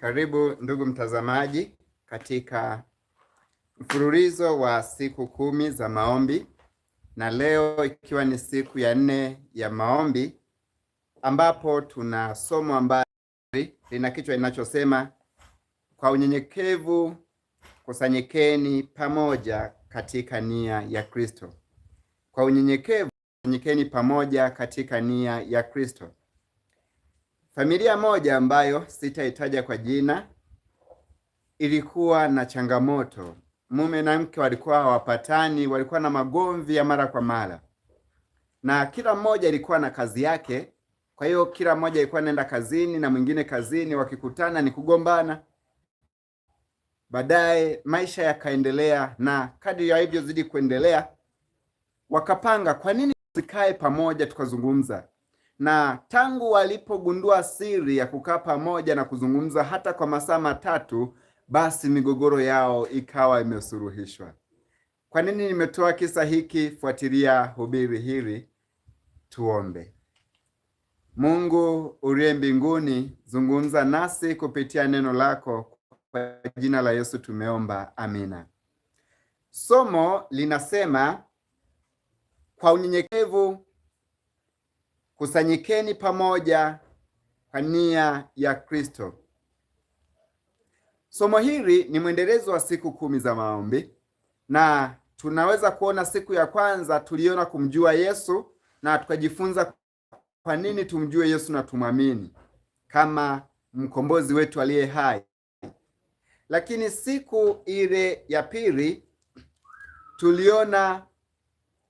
Karibu ndugu mtazamaji katika mfululizo wa siku kumi za maombi, na leo ikiwa ni siku ya nne ya maombi, ambapo tuna somo ambalo lina kichwa linachosema kwa unyenyekevu kusanyikeni pamoja katika nia ya Kristo. Kwa unyenyekevu kusanyikeni pamoja katika nia ya Kristo. Familia moja ambayo sitaitaja kwa jina ilikuwa na changamoto. Mume na mke walikuwa hawapatani, walikuwa na magomvi ya mara kwa mara, na kila mmoja ilikuwa na kazi yake. Kwa hiyo kila mmoja alikuwa anaenda kazini na mwingine kazini, wakikutana ni kugombana. Baadaye maisha yakaendelea, na kadri zidi kuendelea, wakapanga kwa nini tusikae pamoja tukazungumza na tangu walipogundua siri ya kukaa pamoja na kuzungumza hata kwa masaa matatu, basi migogoro yao ikawa imesuluhishwa. Kwa nini nimetoa kisa hiki? Fuatilia hubiri hili. Tuombe. Mungu uliye mbinguni, zungumza nasi kupitia neno lako, kwa jina la Yesu tumeomba, amina. Somo linasema kwa unyenyekevu kusanyikeni pamoja kwa nia ya Kristo. Somo hili ni mwendelezo wa siku kumi za maombi, na tunaweza kuona siku ya kwanza tuliona kumjua Yesu na tukajifunza kwa nini tumjue Yesu na tumwamini kama mkombozi wetu aliye hai. Lakini siku ile ya pili tuliona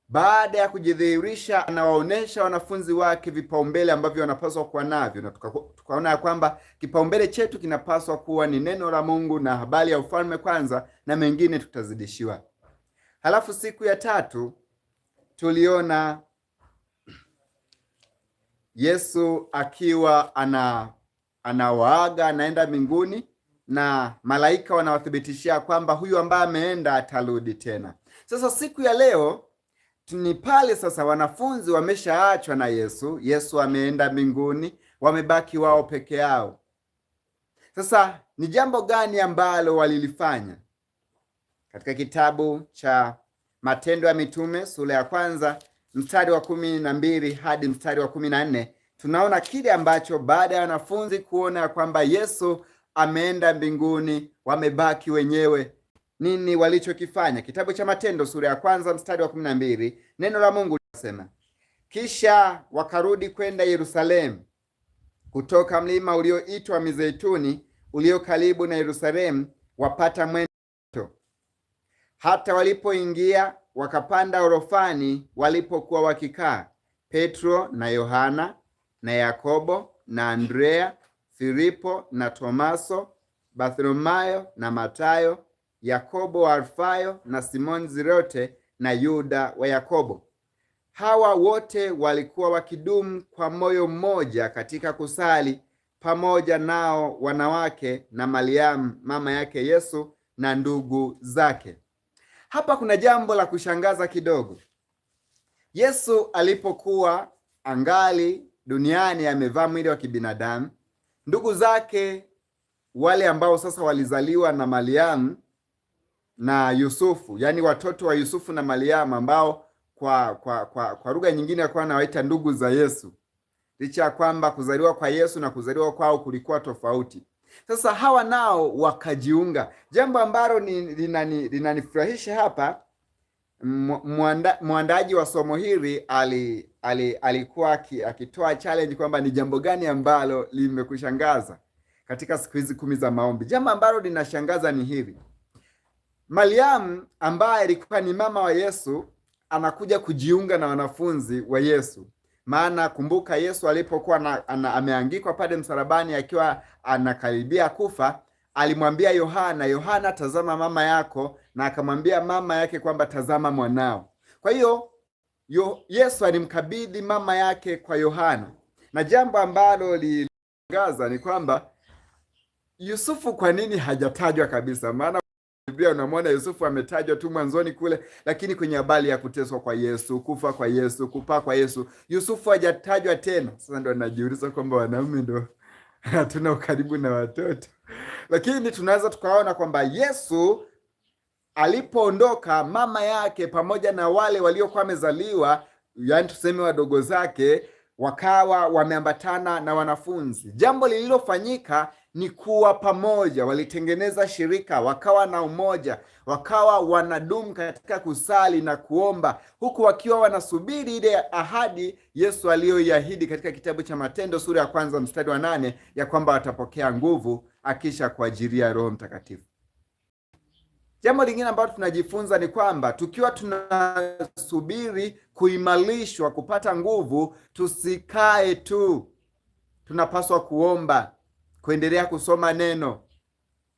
baada ya kujidhihirisha, anawaonyesha wanafunzi wake vipaumbele ambavyo wanapaswa kuwa navyo, na tukaona ya kwamba kipaumbele chetu kinapaswa kuwa ni neno la Mungu na habari ya ufalme kwanza, na mengine tutazidishiwa. Halafu siku ya tatu tuliona Yesu akiwa ana anawaaga anaenda mbinguni na malaika wanawathibitishia kwamba huyu ambaye ameenda atarudi tena. Sasa siku ya leo ni pale sasa wanafunzi wameshaachwa na Yesu. Yesu ameenda mbinguni, wamebaki wao peke yao. Sasa ni jambo gani ambalo walilifanya? Katika kitabu cha Matendo ya Mitume sura ya kwanza mstari wa kumi na mbili hadi mstari wa kumi na nne tunaona kile ambacho baada ya wanafunzi kuona kwamba Yesu ameenda mbinguni, wamebaki wenyewe nini walichokifanya. Kitabu cha Matendo sura ya kwanza mstari wa kumi na mbili neno la Mungu linasema, kisha wakarudi kwenda Yerusalemu kutoka mlima ulioitwa Mizeituni ulio karibu na Yerusalemu wapata mwendo hata walipoingia wakapanda orofani walipokuwa wakikaa Petro na Yohana na Yakobo na Andrea, Filipo na Tomaso, Bartholomayo na Matayo, Yakobo wa Alfayo na Simon zirote na Yuda wa Yakobo. Hawa wote walikuwa wakidumu kwa moyo mmoja katika kusali pamoja nao wanawake na Mariamu mama yake Yesu na ndugu zake. Hapa kuna jambo la kushangaza kidogo. Yesu alipokuwa angali duniani amevaa mwili wa kibinadamu, ndugu zake wale ambao sasa walizaliwa na Mariamu na Yusufu, yaani watoto wa Yusufu na Mariamu ambao kwa kwa kwa, kwa lugha nyingine alikuwa anawaita ndugu za Yesu, licha ya kwamba kuzaliwa kwa Yesu na kuzaliwa kwao kulikuwa tofauti. Sasa hawa nao wakajiunga, jambo ambalo linanifurahisha hapa Mwanda, mwandaji wa somo hili ali, ali, alikuwa akitoa challenge kwamba ni jambo gani ambalo limekushangaza katika siku hizi kumi za maombi. Jambo ambalo linashangaza ni hili. Mariamu ambaye alikuwa ni mama wa Yesu anakuja kujiunga na wanafunzi wa Yesu. Maana kumbuka, Yesu alipokuwa ameangikwa pale msalabani akiwa anakaribia kufa, alimwambia Yohana, Yohana, tazama mama yako, na akamwambia mama yake kwamba tazama mwanao. Kwa hiyo Yesu alimkabidhi mama yake kwa Yohana, na jambo ambalo lilishangaza ni kwamba Yusufu, kwa nini hajatajwa kabisa? maana Biblia unamwona Yusufu ametajwa tu mwanzoni kule, lakini kwenye habari ya kuteswa kwa Yesu, kufa kwa Yesu, kupaa kwa Yesu, Yusufu hajatajwa tena. Sasa ndo najiuliza kwamba wanaume ndo hatuna ukaribu na watoto, lakini tunaweza tukaona kwamba Yesu alipoondoka, mama yake pamoja na wale waliokuwa wamezaliwa, yaani tuseme wadogo zake, wakawa wameambatana na wanafunzi. Jambo lililofanyika ni kuwa pamoja. Walitengeneza shirika, wakawa na umoja, wakawa wanadumu katika kusali na kuomba, huku wakiwa wanasubiri ile ahadi Yesu aliyoiahidi katika kitabu cha Matendo sura ya kwanza mstari wa nane ya kwamba watapokea nguvu akisha kuajiria Roho Mtakatifu. Jambo lingine ambalo tunajifunza ni kwamba tukiwa tunasubiri kuimarishwa, kupata nguvu, tusikae tu, tunapaswa kuomba kuendelea kusoma neno,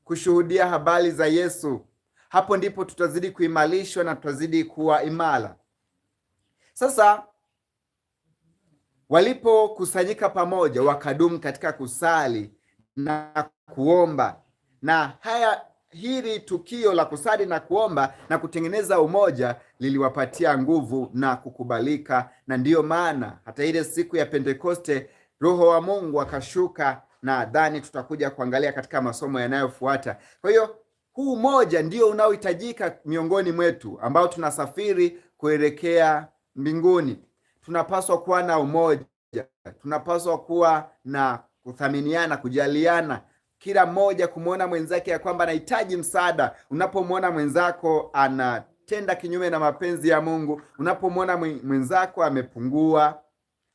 kushuhudia habari za Yesu. Hapo ndipo tutazidi kuimarishwa na tutazidi kuwa imara. Sasa walipokusanyika pamoja, wakadumu katika kusali na kuomba. Na haya hili tukio la kusali na kuomba na kutengeneza umoja liliwapatia nguvu na kukubalika, na ndiyo maana hata ile siku ya Pentekoste Roho wa Mungu akashuka nadhani tutakuja kuangalia katika masomo yanayofuata. Kwa hiyo huu moja ndio unaohitajika miongoni mwetu ambao tunasafiri kuelekea mbinguni. Tunapaswa kuwa na umoja, tunapaswa kuwa na kuthaminiana, kujaliana, kila mmoja kumwona mwenzake ya kwamba anahitaji msaada. Unapomwona mwenzako anatenda kinyume na mapenzi ya Mungu, unapomwona mwenzako amepungua,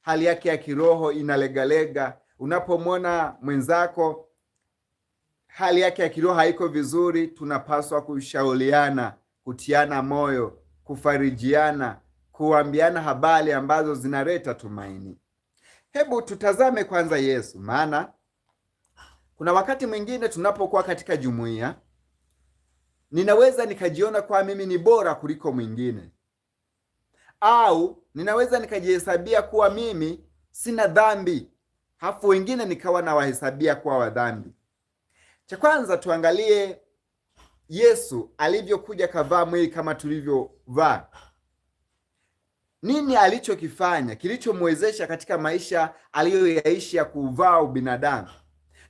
hali yake ya kiroho inalegalega Unapomwona mwenzako hali yake ya kiroho haiko vizuri, tunapaswa kushauriana, kutiana moyo, kufarijiana, kuambiana habari ambazo zinaleta tumaini. Hebu tutazame kwanza Yesu, maana kuna wakati mwingine tunapokuwa katika jumuiya, ninaweza nikajiona kwa mimi ni bora kuliko mwingine, au ninaweza nikajihesabia kuwa mimi sina dhambi hafu wengine nikawa nawahesabia kuwa wadhambi. Cha kwanza tuangalie Yesu alivyokuja kavaa mwili kama tulivyovaa. Nini alichokifanya kilichomwezesha katika maisha aliyoyaishi ya kuvaa ubinadamu?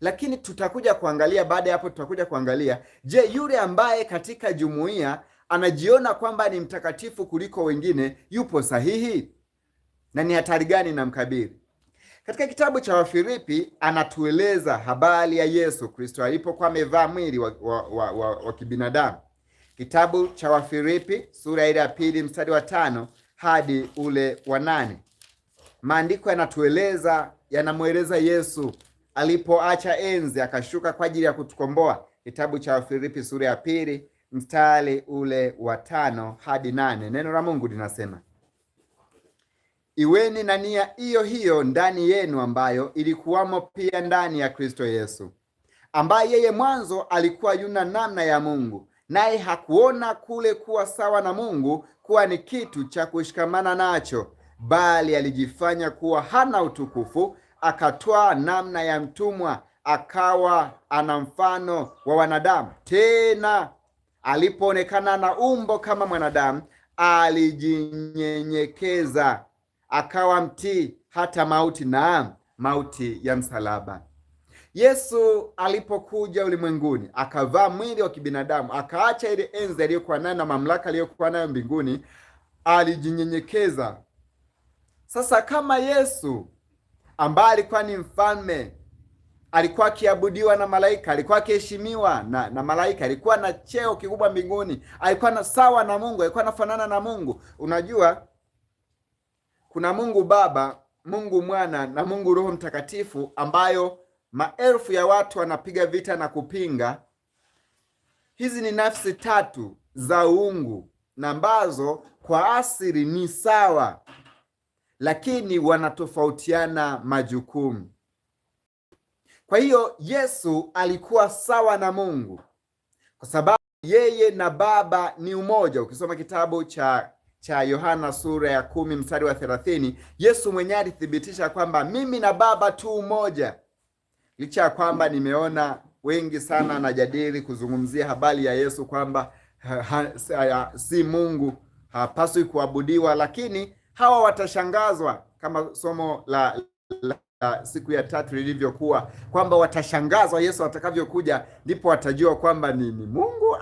Lakini tutakuja kuangalia baada ya hapo, tutakuja kuangalia je, yule ambaye katika jumuiya anajiona kwamba ni mtakatifu kuliko wengine yupo sahihi na ni hatari gani namkabili? Katika kitabu cha Wafilipi anatueleza habari ya Yesu Kristo alipokuwa amevaa mwili wa, wa, wa, wa, wa kibinadamu. Kitabu cha Wafilipi sura ile ya pili mstari wa tano hadi ule wa nane. Maandiko yanatueleza yanamweleza Yesu alipoacha enzi akashuka kwa ajili ya kutukomboa. Kitabu cha Wafilipi sura ya pili mstari ule wa tano hadi nane. Neno la Mungu linasema Iweni na nia hiyo hiyo ndani yenu ambayo ilikuwamo pia ndani ya Kristo Yesu, ambaye yeye mwanzo alikuwa yuna namna ya Mungu, naye hakuona kule kuwa sawa na Mungu kuwa ni kitu cha kushikamana nacho, bali alijifanya kuwa hana utukufu, akatwaa namna ya mtumwa, akawa ana mfano wa wanadamu. Tena alipoonekana na umbo kama mwanadamu, alijinyenyekeza akawa mtii hata mauti, na mauti ya msalaba. Yesu alipokuja ulimwenguni akavaa mwili wa kibinadamu, akaacha ile enzi aliyokuwa nayo na mamlaka aliyokuwa nayo mbinguni, alijinyenyekeza. Sasa kama Yesu ambaye alikuwa ni mfalme, alikuwa akiabudiwa na malaika, alikuwa akiheshimiwa na, na malaika, alikuwa na cheo kikubwa mbinguni, alikuwa na sawa na Mungu, alikuwa anafanana na Mungu. Unajua kuna Mungu Baba, Mungu Mwana na Mungu Roho Mtakatifu, ambayo maelfu ya watu wanapiga vita na kupinga. Hizi ni nafsi tatu za uungu na ambazo kwa asili ni sawa, lakini wanatofautiana majukumu. Kwa hiyo Yesu alikuwa sawa na Mungu kwa sababu yeye na Baba ni umoja. Ukisoma kitabu cha cha Yohana sura ya kumi mstari wa thelathini, Yesu mwenyewe alithibitisha kwamba mimi na Baba tu moja licha ya kwamba nimeona wengi sana najadili kuzungumzia habari ya Yesu kwamba ha, ha, si Mungu hapaswi kuabudiwa, lakini hawa watashangazwa kama somo la, la, la siku ya tatu lilivyokuwa kwamba watashangazwa Yesu atakavyokuja, ndipo watajua kwamba ni, ni Mungu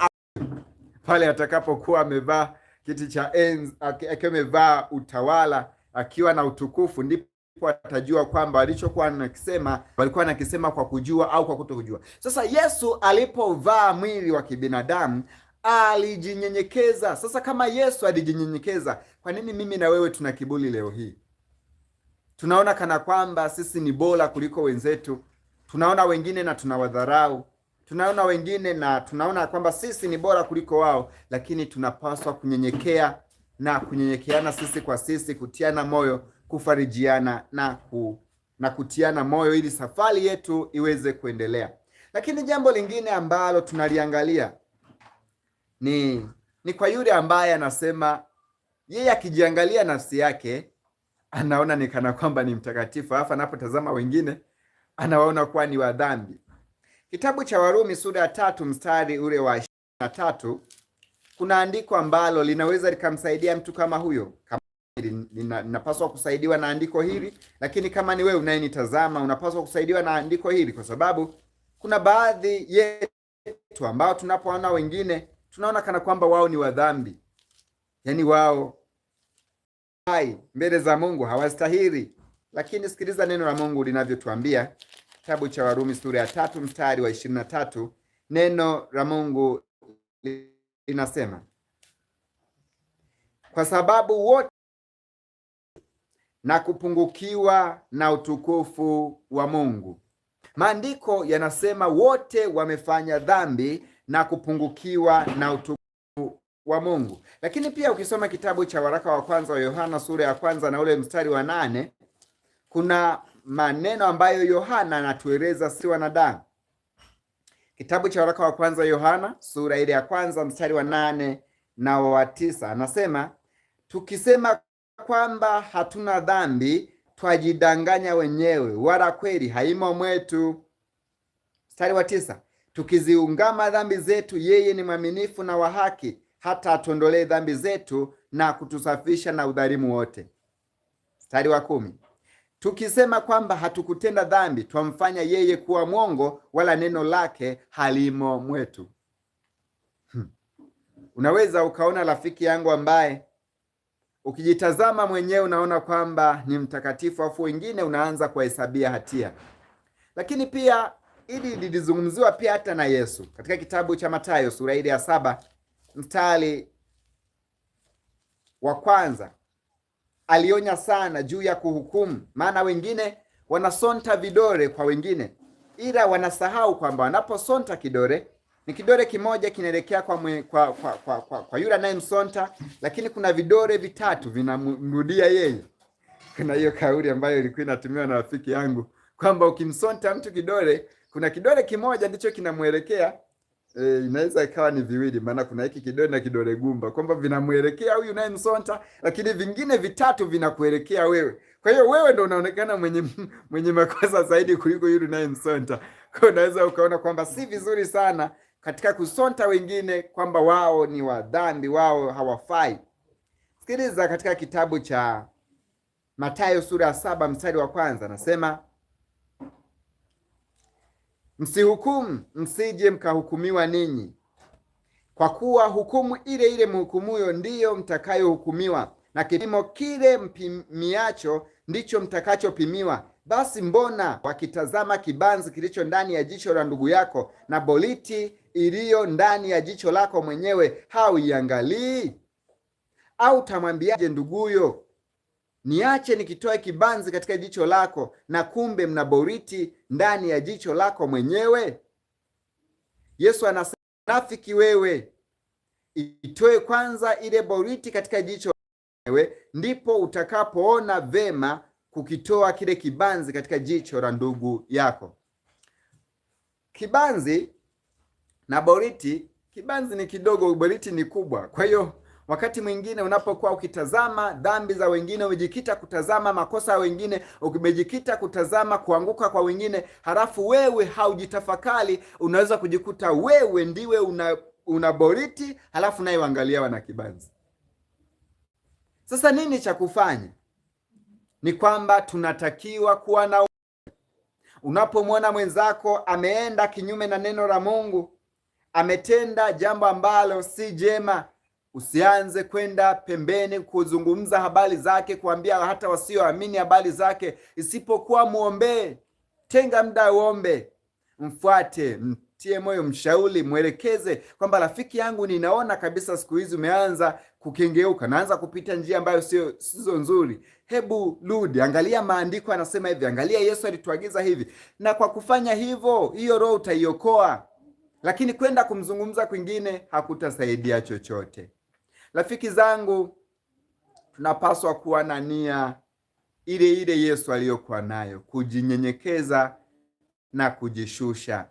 pale atakapokuwa amevaa kiti cha enzi, akiwa amevaa utawala, akiwa na utukufu, ndipo atajua kwamba alichokuwa anakisema walikuwa anakisema kwa kujua au kwa kutokujua. Sasa Yesu alipovaa mwili wa kibinadamu alijinyenyekeza. Sasa kama Yesu alijinyenyekeza, kwa nini mimi na wewe tuna kiburi leo hii? Tunaona kana kwamba sisi ni bora kuliko wenzetu, tunaona wengine na tunawadharau tunaona wengine na tunaona kwamba sisi ni bora kuliko wao, lakini tunapaswa kunyenyekea na kunyenyekeana sisi kwa sisi, kutiana moyo, kufarijiana na, ku, na kutiana moyo ili safari yetu iweze kuendelea. Lakini jambo lingine ambalo tunaliangalia ni, ni kwa yule ambaye anasema yeye akijiangalia nafsi yake anaona ni kana kwamba ni mtakatifu, alafu anapotazama wengine anawaona kuwa ni wadhambi. Kitabu cha Warumi sura ya tatu mstari ule wa ishirini na tatu kuna andiko ambalo linaweza likamsaidia mtu kama huyo. Kama ninapaswa kusaidiwa na andiko hili, lakini kama ni wewe unayenitazama unapaswa kusaidiwa na andiko hili, kwa sababu kuna baadhi yetu ambao tunapoona wengine tunaona kana kwamba wao ni wadhambi, yaani wao hai mbele za Mungu hawastahili, lakini sikiliza neno la Mungu linavyotuambia kitabu cha Warumi sura ya tatu mstari wa ishirini na tatu neno la Mungu linasema kwa sababu wote na kupungukiwa na utukufu wa Mungu. Maandiko yanasema wote wamefanya dhambi na kupungukiwa na utukufu wa Mungu, lakini pia ukisoma kitabu cha waraka wa kwanza wa Yohana sura ya kwanza na ule mstari wa nane kuna maneno ambayo Yohana anatueleza si wanadamu. Kitabu cha waraka wa kwanza Yohana sura ile ya kwanza mstari wa nane na wa tisa anasema, tukisema kwamba hatuna dhambi twajidanganya wenyewe, wala kweli haimo mwetu. Mstari wa tisa, tukiziungama dhambi zetu, yeye ni mwaminifu na wa haki, hata atuondolee dhambi zetu na kutusafisha na udhalimu wote. Mstari wa kumi Tukisema kwamba hatukutenda dhambi, twamfanya yeye kuwa mwongo, wala neno lake halimo mwetu. Hmm. Unaweza ukaona rafiki yangu ambaye ukijitazama mwenyewe unaona kwamba ni mtakatifu, afu wengine unaanza kuwahesabia hatia. Lakini pia hili lilizungumziwa pia hata na Yesu katika kitabu cha Mathayo sura ile ya saba mstari wa kwanza alionya sana juu ya kuhukumu, maana wengine wanasonta vidore kwa wengine, ila wanasahau kwamba wanaposonta kidore ni kidore kimoja kinaelekea kwa, kwa, kwa, kwa, kwa, kwa yule anayemsonta, lakini kuna vidore vitatu vinamrudia yeye. Kuna hiyo kauli ambayo ilikuwa inatumiwa na rafiki yangu kwamba ukimsonta mtu kidole, kuna kidole kimoja ndicho kinamwelekea E, inaweza ikawa ni viwili, maana kuna hiki kidole na kidole gumba, kwamba vinamwelekea huyu naye msonta, lakini vingine vitatu vinakuelekea wewe. Kwa hiyo wewe ndo unaonekana mwenye mwenye makosa zaidi kuliko yule naye msonta. Kwa unaweza ukaona kwamba si vizuri sana katika kusonta wengine, kwamba wao ni wadhambi, wao hawafai. Sikiliza katika kitabu cha Mathayo sura ya saba mstari wa kwanza, nasema msihukumu msije mkahukumiwa ninyi, kwa kuwa hukumu ile ile mhukumuyo ndiyo mtakayohukumiwa, na kipimo kile mpimiacho ndicho mtakachopimiwa. Basi mbona wakitazama kibanzi kilicho ndani ya jicho la ndugu yako, na boliti iliyo ndani ya jicho lako mwenyewe hauiangalii? Au tamwambiaje nduguyo niache nikitoa kibanzi katika jicho lako, na kumbe mna boriti ndani ya jicho lako mwenyewe? Yesu anasema nafiki wewe, itoe kwanza ile boriti katika jicho wewe, ndipo utakapoona vema kukitoa kile kibanzi katika jicho la ndugu yako. Kibanzi na boriti, kibanzi ni kidogo, boriti ni kubwa, kwa hiyo Wakati mwingine unapokuwa ukitazama dhambi za wengine, umejikita kutazama makosa ya wengine, umejikita kutazama kuanguka kwa wengine, halafu wewe haujitafakari, unaweza kujikuta wewe ndiwe una, una boriti, halafu naye uangalia wana kibanzi. Sasa nini cha kufanya? Ni kwamba tunatakiwa kuwa na unapomwona mwenzako ameenda kinyume na neno la Mungu, ametenda jambo ambalo si jema Usianze kwenda pembeni kuzungumza habari zake, kuambia hata wasioamini habari zake, isipokuwa mwombee. Tenga muda uombe, mfuate, mtie moyo, mshauri, mwelekeze kwamba rafiki yangu, ninaona kabisa siku hizi umeanza kukengeuka, naanza kupita njia ambayo sio sizo nzuri. Hebu rudi, angalia maandiko anasema hivi, angalia Yesu alituagiza hivi, na kwa kufanya hivyo, hiyo roho utaiokoa. Lakini kwenda kumzungumza kwingine hakutasaidia chochote. Rafiki zangu, tunapaswa kuwa na nia ile ile Yesu aliyokuwa nayo, kujinyenyekeza na kujishusha,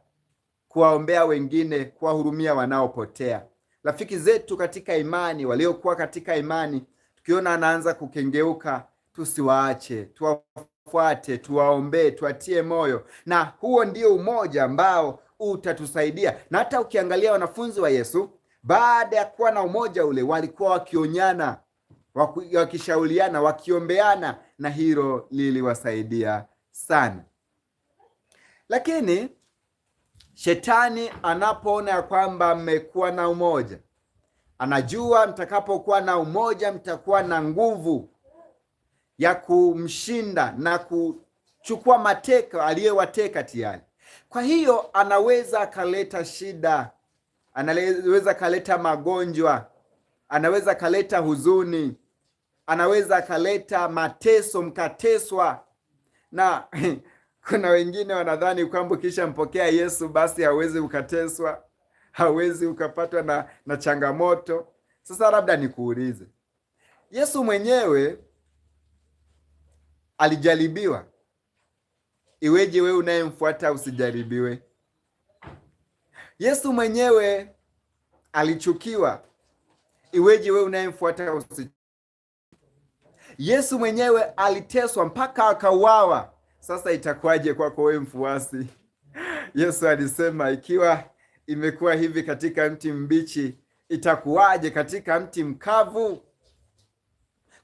kuwaombea wengine, kuwahurumia wanaopotea. Rafiki zetu katika imani, waliokuwa katika imani, tukiona anaanza kukengeuka, tusiwaache, tuwafuate, tuwaombee, tuwatie moyo, na huo ndio umoja ambao utatusaidia. Na hata ukiangalia wanafunzi wa Yesu baada ya kuwa na umoja ule, walikuwa wakionyana, wakishauriana, wakiombeana, na hilo liliwasaidia sana. Lakini shetani anapoona ya kwamba mmekuwa na umoja, anajua mtakapokuwa na umoja mtakuwa na nguvu ya kumshinda na kuchukua mateka aliyewateka tayari. Kwa hiyo anaweza akaleta shida anaweza kaleta magonjwa, anaweza kaleta huzuni, anaweza kaleta mateso, mkateswa na kuna wengine wanadhani kwamba mpokea Yesu basi hawezi ukateswa, hawezi ukapatwa na, na changamoto. Sasa labda nikuulize, Yesu mwenyewe alijaribiwa, iweje wewe unayemfuata usijaribiwe? Yesu mwenyewe alichukiwa, iweje wewe unayemfuata usi? Yesu mwenyewe aliteswa mpaka akauawa. Sasa itakuwaje kwako wewe mfuasi? Yesu alisema ikiwa imekuwa hivi katika mti mbichi, itakuwaje katika mti mkavu?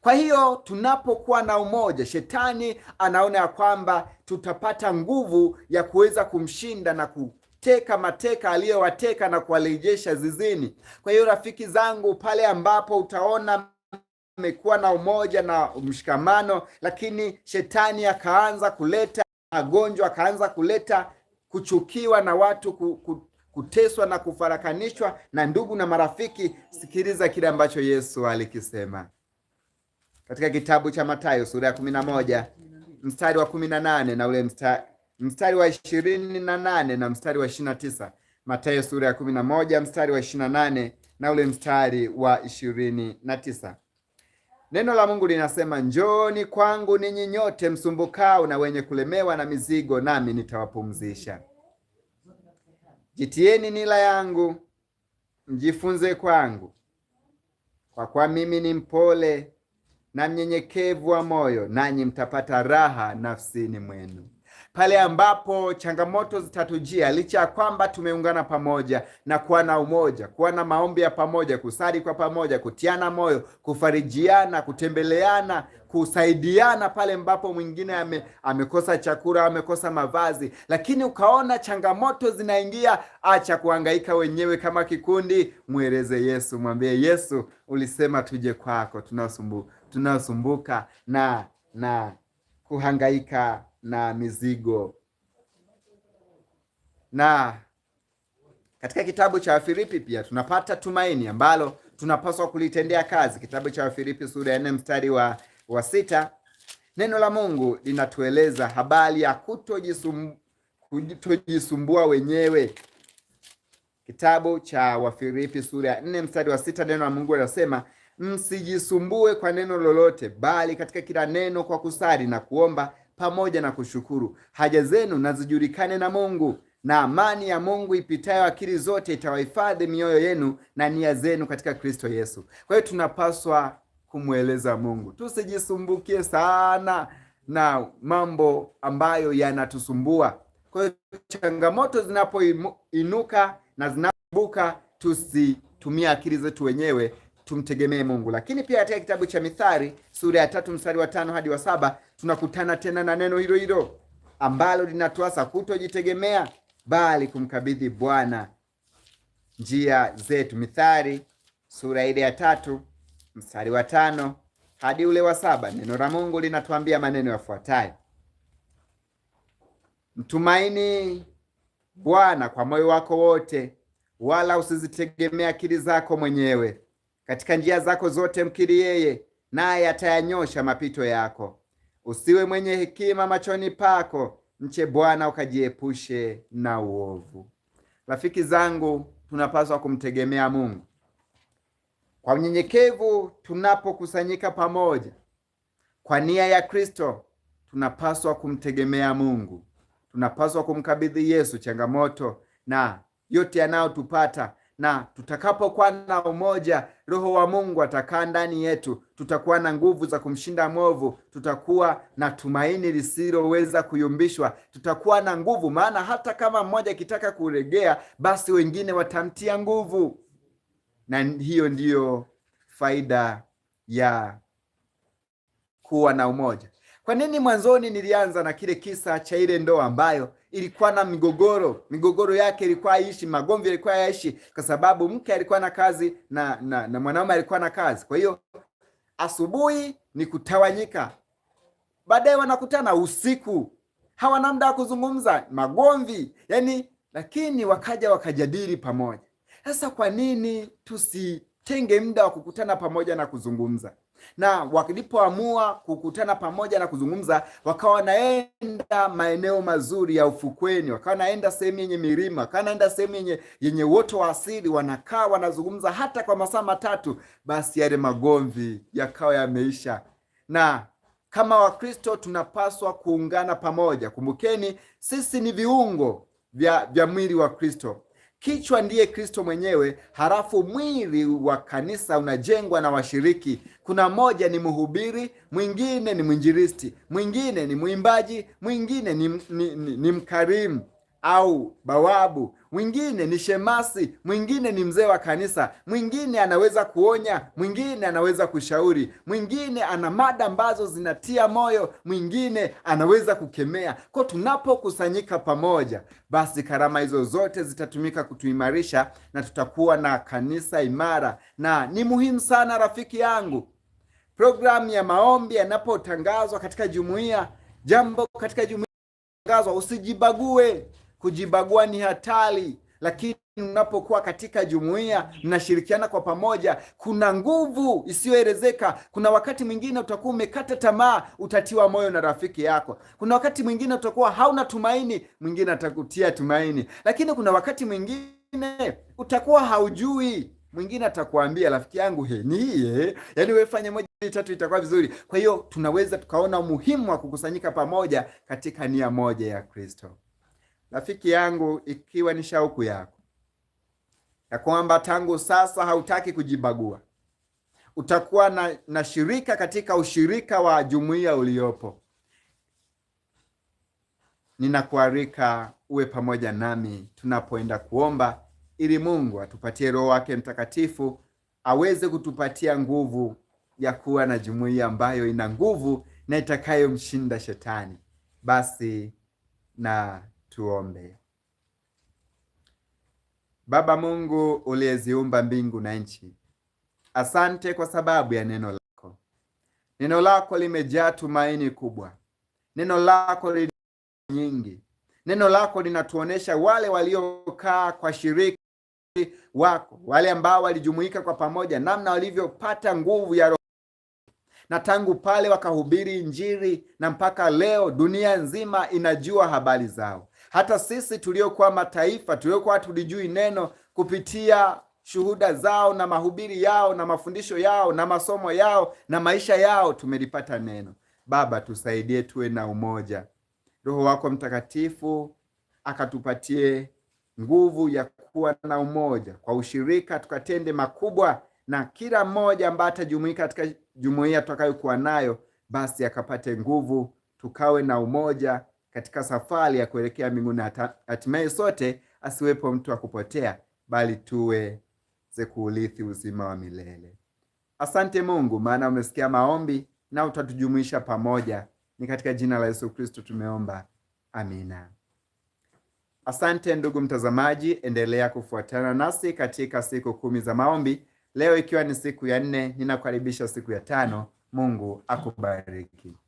Kwa hiyo tunapokuwa na umoja, shetani anaona ya kwamba tutapata nguvu ya kuweza kumshinda na ku teka mateka aliyowateka na kuwarejesha zizini. Kwa hiyo rafiki zangu, pale ambapo utaona mmekuwa na umoja na mshikamano, lakini shetani akaanza kuleta magonjwa, akaanza kuleta kuchukiwa na watu ku, ku, kuteswa na kufarakanishwa na ndugu na marafiki, sikiliza kile ambacho Yesu alikisema katika kitabu cha Mathayo sura ya 11 mstari wa 18 na ule mstari mstari wa ishirini na nane na mstari wa ishirini na tisa Mathayo sura ya kumi na moja mstari wa ishirini na nane na ule mstari wa ishirini na tisa Neno la Mungu linasema, njooni kwangu ninyi nyote msumbukao na wenye kulemewa na mizigo, nami nitawapumzisha. Jitieni nila yangu, mjifunze kwangu, kwa kuwa mimi ni mpole na mnyenyekevu wa moyo, nanyi mtapata raha nafsini mwenu pale ambapo changamoto zitatujia, licha ya kwamba tumeungana pamoja na kuwa na umoja, kuwa na maombi ya pamoja, kusali kwa pamoja, kutiana moyo, kufarijiana, kutembeleana, kusaidiana pale ambapo mwingine ame, amekosa chakula, amekosa mavazi, lakini ukaona changamoto zinaingia, acha kuhangaika wenyewe kama kikundi, mweleze Yesu, mwambie Yesu, ulisema tuje kwako tunaosumbuka na na kuhangaika na mizigo. Na katika kitabu cha Wafilipi pia tunapata tumaini ambalo tunapaswa kulitendea kazi. Kitabu cha Wafilipi sura ya 4 mstari wa, wa sita neno la Mungu linatueleza habari ya kutojisumbua wenyewe. Kitabu cha Wafilipi sura ya 4 mstari wa sita neno la Mungu linasema msijisumbue kwa neno lolote, bali katika kila neno kwa kusali na kuomba pamoja na kushukuru. Haja zenu nazijulikane na Mungu, na amani ya Mungu ipitayo akili zote itawahifadhi mioyo yenu na nia zenu katika Kristo Yesu. Kwa hiyo tunapaswa kumweleza Mungu, tusijisumbukie sana na mambo ambayo yanatusumbua. Kwa hiyo changamoto zinapoinuka na zinapoibuka, tusitumie akili zetu wenyewe tumtegemee Mungu. Lakini pia katika kitabu cha mithari sura ya tatu mstari wa tano hadi wa saba tunakutana tena na neno hilo hilo ambalo linatuasa kutojitegemea bali kumkabidhi Bwana njia zetu. mithari sura ile ya tatu mstari wa tano hadi ule wa saba neno la Mungu linatuambia maneno yafuatayo: mtumaini Bwana kwa moyo wako wote, wala usizitegemea akili zako mwenyewe katika njia zako zote mkiri yeye, naye atayanyosha mapito yako. Usiwe mwenye hekima machoni pako, mche Bwana ukajiepushe na uovu. Rafiki zangu, tunapaswa kumtegemea Mungu kwa unyenyekevu. Tunapokusanyika pamoja kwa nia ya Kristo, tunapaswa kumtegemea Mungu, tunapaswa kumkabidhi Yesu changamoto na yote yanayotupata, na tutakapokuwa na umoja Roho wa Mungu atakaa ndani yetu, tutakuwa na nguvu za kumshinda mwovu, tutakuwa na tumaini lisiloweza kuyumbishwa, tutakuwa na nguvu, maana hata kama mmoja akitaka kuregea, basi wengine watamtia nguvu. Na hiyo ndiyo faida ya kuwa na umoja. Kwa nini mwanzoni nilianza na kile kisa cha ile ndoa ambayo ilikuwa na migogoro, migogoro yake ilikuwa ishi, magomvi yalikuwa yaishi, kwa sababu mke alikuwa na kazi na na, na mwanaume alikuwa na kazi. Kwa hiyo asubuhi ni kutawanyika, baadaye wanakutana usiku, hawana muda wa kuzungumza, magomvi yani, lakini wakaja wakajadili pamoja. Sasa kwa nini tusitenge muda wa kukutana pamoja na kuzungumza? na walipoamua kukutana pamoja na kuzungumza, wakawa wanaenda maeneo mazuri ya ufukweni, wakawa wanaenda sehemu yenye milima, wakawa wanaenda sehemu yenye yenye uoto wa asili, wanakaa wanazungumza hata kwa masaa matatu, basi yale magomvi yakawa yameisha. Na kama Wakristo tunapaswa kuungana pamoja. Kumbukeni sisi ni viungo vya, vya mwili wa Kristo. Kichwa ndiye Kristo mwenyewe, halafu mwili wa kanisa unajengwa na washiriki. Kuna mmoja ni mhubiri, mwingine ni mwinjilisti, mwingine ni mwimbaji, mwingine ni, ni, ni, ni mkarimu au bawabu, mwingine ni shemasi, mwingine ni mzee wa kanisa, mwingine anaweza kuonya, mwingine anaweza kushauri, mwingine ana mada ambazo zinatia moyo, mwingine anaweza kukemea. Kwa tunapokusanyika pamoja, basi karama hizo zote zitatumika kutuimarisha na tutakuwa na kanisa imara, na ni muhimu sana, rafiki yangu, programu ya maombi yanapotangazwa katika jumuiya, jambo katika jumuiya tangazwa, usijibague kujibagua ni hatari, lakini unapokuwa katika jumuiya mnashirikiana kwa pamoja, kuna nguvu isiyoelezeka. Kuna wakati mwingine utakuwa umekata tamaa, utatiwa moyo na rafiki yako. Kuna wakati mwingine utakuwa hauna tumaini, mwingine atakutia tumaini. Lakini kuna wakati mwingine utakuwa haujui, mwingine atakuambia rafiki yangu, he ni hii, yaani wewe fanya moja mbili tatu, itakuwa vizuri. Kwa hiyo tunaweza tukaona umuhimu wa kukusanyika pamoja katika nia moja ya Kristo rafiki yangu, ikiwa ni shauku yako ya kwamba tangu sasa hautaki kujibagua, utakuwa na, na shirika katika ushirika wa jumuiya uliopo, ninakualika uwe pamoja nami tunapoenda kuomba, ili Mungu atupatie Roho wake Mtakatifu aweze kutupatia nguvu ya kuwa na jumuiya ambayo ina nguvu na itakayomshinda shetani. Basi na Tuombe. Baba Mungu uliyeziumba mbingu na nchi, asante kwa sababu ya neno lako. Neno lako limejaa tumaini kubwa, neno lako lina nyingi, neno lako linatuonesha wale waliokaa kwa shirika wako, wale ambao walijumuika kwa pamoja, namna walivyopata nguvu ya Roho na tangu pale wakahubiri Injili na mpaka leo dunia nzima inajua habari zao. Hata sisi tuliokuwa mataifa tuliokuwa tulijui neno, kupitia shuhuda zao na mahubiri yao na mafundisho yao na masomo yao na maisha yao tumelipata neno. Baba, tusaidie tuwe na umoja. Roho wako Mtakatifu akatupatie nguvu ya kuwa na umoja kwa ushirika, tukatende makubwa, na kila mmoja ambaye atajumuika katika jumuiya tutakayokuwa nayo, basi akapate nguvu, tukawe na umoja katika safari ya kuelekea mbinguni, hatimaye sote asiwepo mtu wa kupotea, bali tuweze kuurithi uzima wa milele. Asante Mungu, maana umesikia maombi na utatujumuisha pamoja. Ni katika jina la Yesu Kristo tumeomba, amina. Asante ndugu mtazamaji, endelea kufuatana nasi katika siku kumi za maombi. Leo ikiwa ni siku ya nne, ninakukaribisha siku ya tano. Mungu akubariki.